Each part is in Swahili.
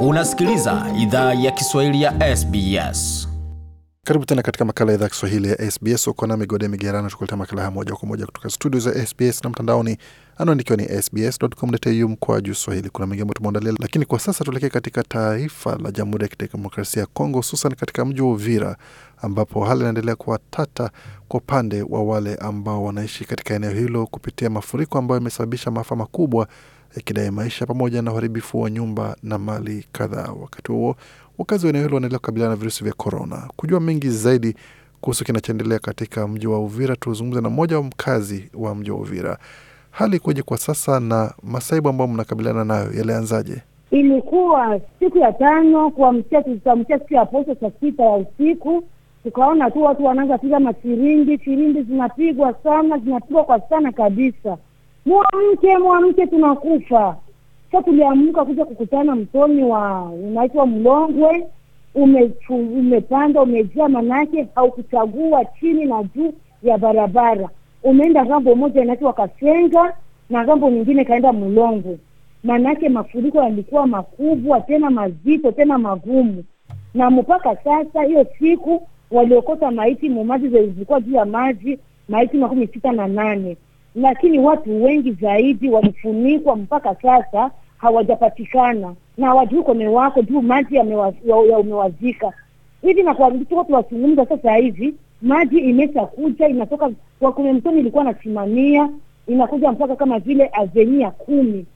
Unasikiliza idhaa ya Kiswahili ya SBS. Karibu tena katika makala ya idhaa ya Kiswahili ya SBS. Uko na Migode Migerano tukuletea makala haya moja kwa moja kutoka studio za SBS na mtandaoni, anaandikiwa ni sbs.com.au kwa juu Swahili. Kuna mengi ambayo tumeandalia, lakini kwa sasa tuelekee katika taifa la Jamhuri ya Kidemokrasia ya Kongo, hususan katika mji wa Uvira ambapo hali inaendelea kuwa tata kwa upande wa wale ambao wanaishi katika eneo hilo kupitia mafuriko ambayo imesababisha maafa makubwa yakidai maisha pamoja na uharibifu wa nyumba na mali kadhaa. Wakati huo wakazi wa eneo hilo wanaendelea kukabiliana na virusi vya korona. Kujua mengi zaidi kuhusu kinachoendelea katika mji wa Uvira, tuzungumze na mmoja wa mkazi wa mji wa Uvira. Hali ikoje kwa sasa na masaibu ambayo mnakabiliana nayo yalianzaje? Ilikuwa siku ya tano kuamkia, tuliamkia siku ya posho saa sita ya usiku, tukaona tu watu wanaanza piga masiringi, firimbi zinapigwa sana, zinapigwa kwa sana kabisa Mwamke, mwamke, tunakufa sasa. Tuliamka kuja kukutana mtoni wa unaitwa Mlongwe, umepanda umejaa, manake haukuchagua chini na juu ya barabara. Umeenda ngambo moja inaitwa Kasenga na ngambo nyingine kaenda Mlongwe, manake mafuriko yalikuwa makubwa tena mazito tena magumu, na mpaka sasa hiyo siku waliokota maiti mumaji zilikuwa juu ya maji maiti makumi sita na nane lakini watu wengi zaidi walifunikwa mpaka sasa hawajapatikana na wajui kone wako juu maji yamewazika hivi. Na kwa tuko tuwazungumza sasa hivi, maji imesha kuja inatoka kwa kwenye mtoni ilikuwa nasimamia, inakuja mpaka kama vile avenia kumi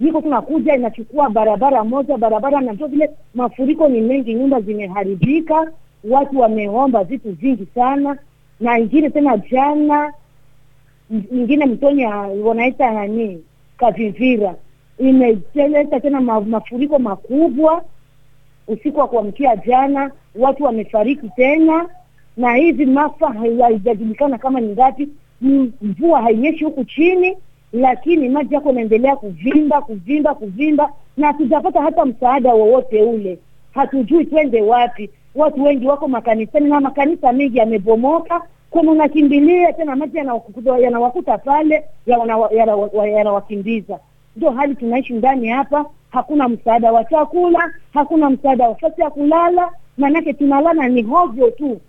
niko tunakuja inachukua barabara moja barabara, na vio vile mafuriko ni mengi, nyumba zimeharibika, watu wameomba vitu vingi sana, na ingine tena jana nyingine Mtonya wanaita nani kavivira, imeleta tena mafuriko makubwa usiku wa kuamkia jana, watu wamefariki tena, na hivi mafa haijajulikana kama ni ngapi. Mvua hainyeshi huku chini, lakini maji yako inaendelea kuvimba kuvimba kuvimba, na hatujapata hata msaada wowote ule. Hatujui twende wapi. Watu wengi wako makanisani na makanisa mengi yamebomoka kama unakimbilia tena maji yanawakuta pale yanawakimbiza. Ndio hali tunaishi ndani hapa. Hakuna msaada wa chakula, hakuna msaada wa fasi ya kulala, maanake tunalala ni hovyo tu,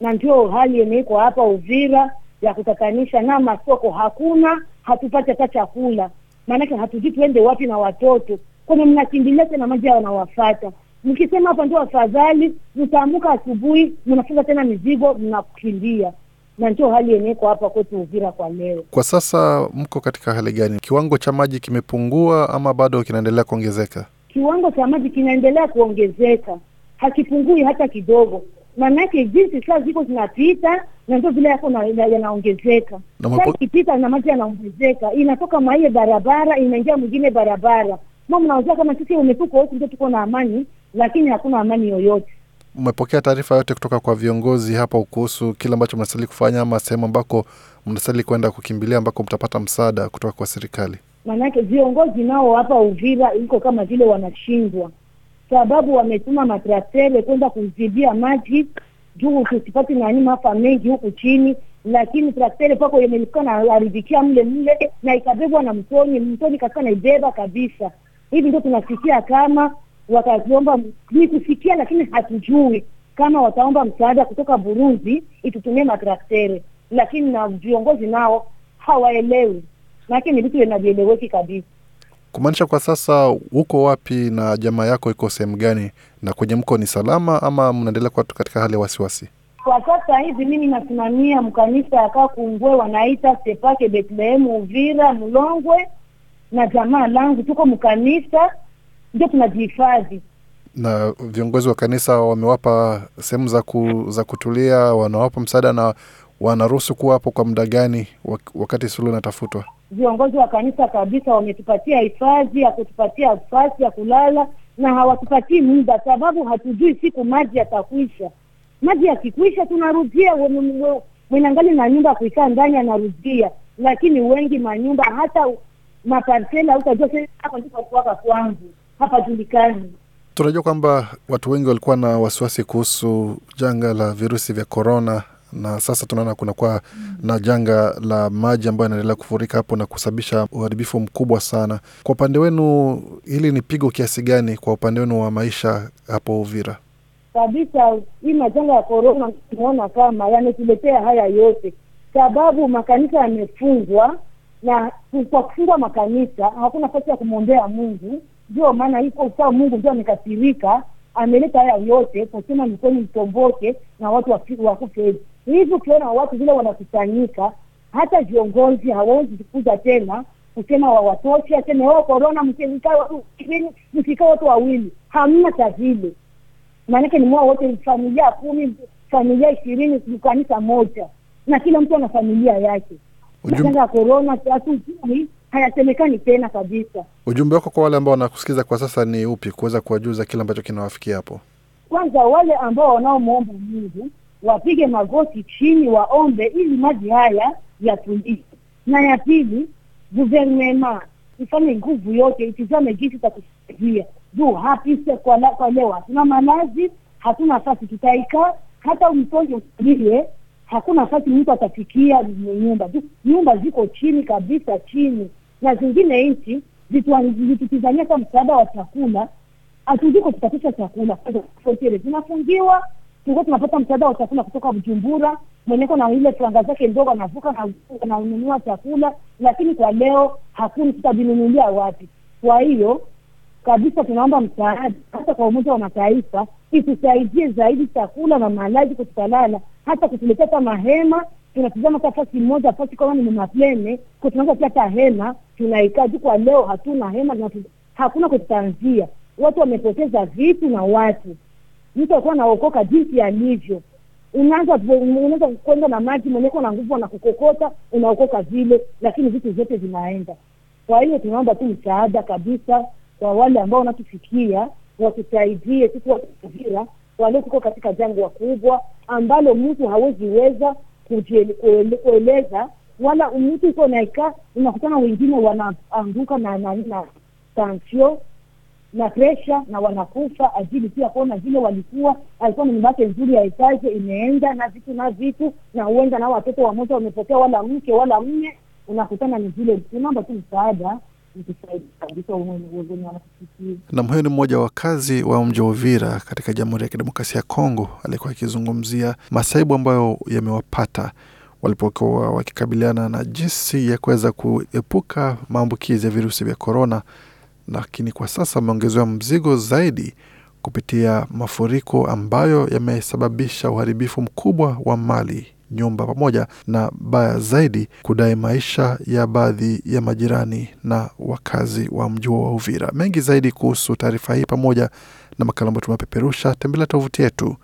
na ndio hali yenye iko hapa Uvira ya kutatanisha, na masoko hakuna, hatupati hata chakula, maanake hatujui tuende wapi na watoto kwenye mnakimbilia tena maji yanawafata mkisema hapa ndio afadhali, mtaamka asubuhi, mnafunga tena mizigo, mnakimbia na ndio hali yenyewe kwa hapa kwetu Uvira kwa leo. Kwa sasa mko katika hali gani? Kiwango cha maji kimepungua ama bado kinaendelea kuongezeka? Kiwango cha maji kinaendelea kuongezeka, hakipungui hata kidogo. Maanake jinsi saa ziko zinapita na ndio vile yako yanaongezeka. ikipita na maji yanaongezeka, inatoka mwaiye barabara inaingia mwingine barabara, Mnaozia kama sisi umetuko wote ndio tuko na amani lakini hakuna amani yoyote. Mmepokea taarifa yote kutoka kwa viongozi hapa kuhusu kile ambacho mnastahili kufanya ama sehemu ambako mnastahili kwenda kukimbilia ambako mtapata msaada kutoka kwa serikali? Maanake viongozi nao hapa Uvira iko kama vile wanashindwa, sababu wametuma matraktere kwenda kuzibia maji juu tusipati nani maafa mengi huku chini, lakini traktele pako yemelika na mle mle na ikabebwa na mtoni, mtoni katika naibeba kabisa. Hivi ndio tunasikia kama wataziomba ni kusikia, lakini hatujui kama wataomba msaada kutoka Burundi itutumie matraktere, lakini na viongozi nao hawaelewi, maanake ni vitu vinavieleweki kabisa. Kumaanisha kwa sasa uko wapi na jamaa yako iko sehemu gani, na kwenye mko ni salama ama mnaendelea kuwa katika hali ya wasiwasi? Kwa sasa hivi mimi nasimamia mkanisa akaa kungwe wanaita Sepake Betlehemu Uvira Mlongwe, na jamaa langu tuko mkanisa ndio tunajihifadhi na viongozi wa kanisa wamewapa sehemu za, ku, za kutulia, wanawapa msaada na wanaruhusu kuwa hapo kwa muda gani wakati sulu inatafutwa? Viongozi wa kanisa kabisa wametupatia hifadhi ya kutupatia nafasi ya kulala na hawatupatii muda, sababu hatujui siku maji yatakuisha. Maji yakikuisha, tunarudia mwenangali na nyumba kuikaa ndani anarudia, lakini wengi manyumba hata maparsela utajua kwangu hapajulikani. Tunajua kwamba watu wengi walikuwa na wasiwasi kuhusu janga la virusi vya korona, na sasa tunaona kunakuwa mm, na janga la maji ambayo yanaendelea kufurika hapo na kusababisha uharibifu mkubwa sana. Kwa upande wenu, hili ni pigo kiasi gani kwa upande wenu wa maisha hapo Uvira? Kabisa, hii majanga ya korona tunaona kama yametuletea haya yote, sababu makanisa yamefungwa, na kwa kufungwa makanisa hakuna nafasi ya kumwombea Mungu ndio maana iko ukawa Mungu ndio amekasirika, ameleta haya yote kusema mikono mtomboke na watu wakufe hivi. Ukiona watu vile wanakusanyika, hata viongozi hawawezi kukuza tena kusema wawatoshe, aseme wao korona, msikaa watu wawili, hamna cha vile, maanake ni mwa wote familia kumi familia ishirini kanisa moja, na kila mtu ana familia yake. Janga ya korona hatujui hayasemekani tena kabisa. Ujumbe wako kwa wale ambao wanakusikiza kwa sasa ni upi, kuweza kuwajuza kile ambacho kinawafikia hapo? Kwanza wale ambao wanaomwomba Mungu wapige magoti chini, waombe ili maji haya yatulike, na ya pili guvernema ifanye nguvu yote itizame jinsi za kusaidia juu hapise kwa, la, kwa leo hatuna malazi, hatuna nafasi tutaikaa, hata mtonge usilie, hakuna nafasi mtu atafikia nyumba. Nyumba ziko chini kabisa, chini na zingine nchi zitutizania kwa msaada wa chakula, hatujui kututatisha chakula, zinafungiwa Tulikuwa tunapata msaada wa chakula kutoka Bujumbura, mwenyeko na ile franga zake ndogo anavuka na ananunua chakula, lakini kwa leo hakuna, tutajinunulia wapi? Kwa hiyo kabisa tunaomba msaada hata kwa Umoja wa Mataifa itusaidie zaidi chakula na malazi kututalala, hata kutuletea mahema tunatizama fasi moja, fasi kama ni maplene kwa tunaweza pia hata hema tunaikaa juu. Kwa leo hatuna hema, hakuna kutanzia, watu wamepoteza vitu na watu, mtu alikuwa naokoka jinsi alivyo unaanza unaweza kwenda na maji mwenyewe na nguvu anakukokota kukokota unaokoka vile, lakini vitu vyote vinaenda. Kwa hiyo tunaomba tu msaada kabisa kwa wale ambao wanatufikia, watusaidie sisi watu Uvira, walio tuko katika jangwa kubwa ambalo mtu hawezi weza kueleza wala mtu uko naika, unakutana wengine wanaanguka na nani na tansio na presha na wanakufa ajili pia kuona vile walikuwa alikuwa na nyumba nzuri ya etaje imeenda na vitu na vitu na huenda na watoto wamoja wamepotea wala mke wala mme unakutana ni vile unaomba tu msaada Nam, huyo ni mmoja wa wakazi wa mji wa Uvira katika Jamhuri ya Kidemokrasia ya Kongo, alikuwa akizungumzia masaibu ambayo yamewapata walipokuwa wakikabiliana na jinsi ya kuweza kuepuka maambukizi ya virusi vya korona, lakini kwa sasa wameongezewa mzigo zaidi kupitia mafuriko ambayo yamesababisha uharibifu mkubwa wa mali nyumba pamoja na baya zaidi, kudai maisha ya baadhi ya majirani na wakazi wa mji wa Uvira. Mengi zaidi kuhusu taarifa hii pamoja na makala ambayo tumepeperusha, tembelea tovuti yetu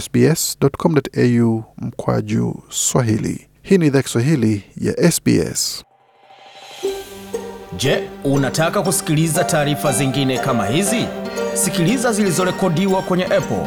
sbs.com.au mkwaju Swahili. Hii ni idhaa Kiswahili ya SBS. Je, unataka kusikiliza taarifa zingine kama hizi? Sikiliza zilizorekodiwa kwenye Apple,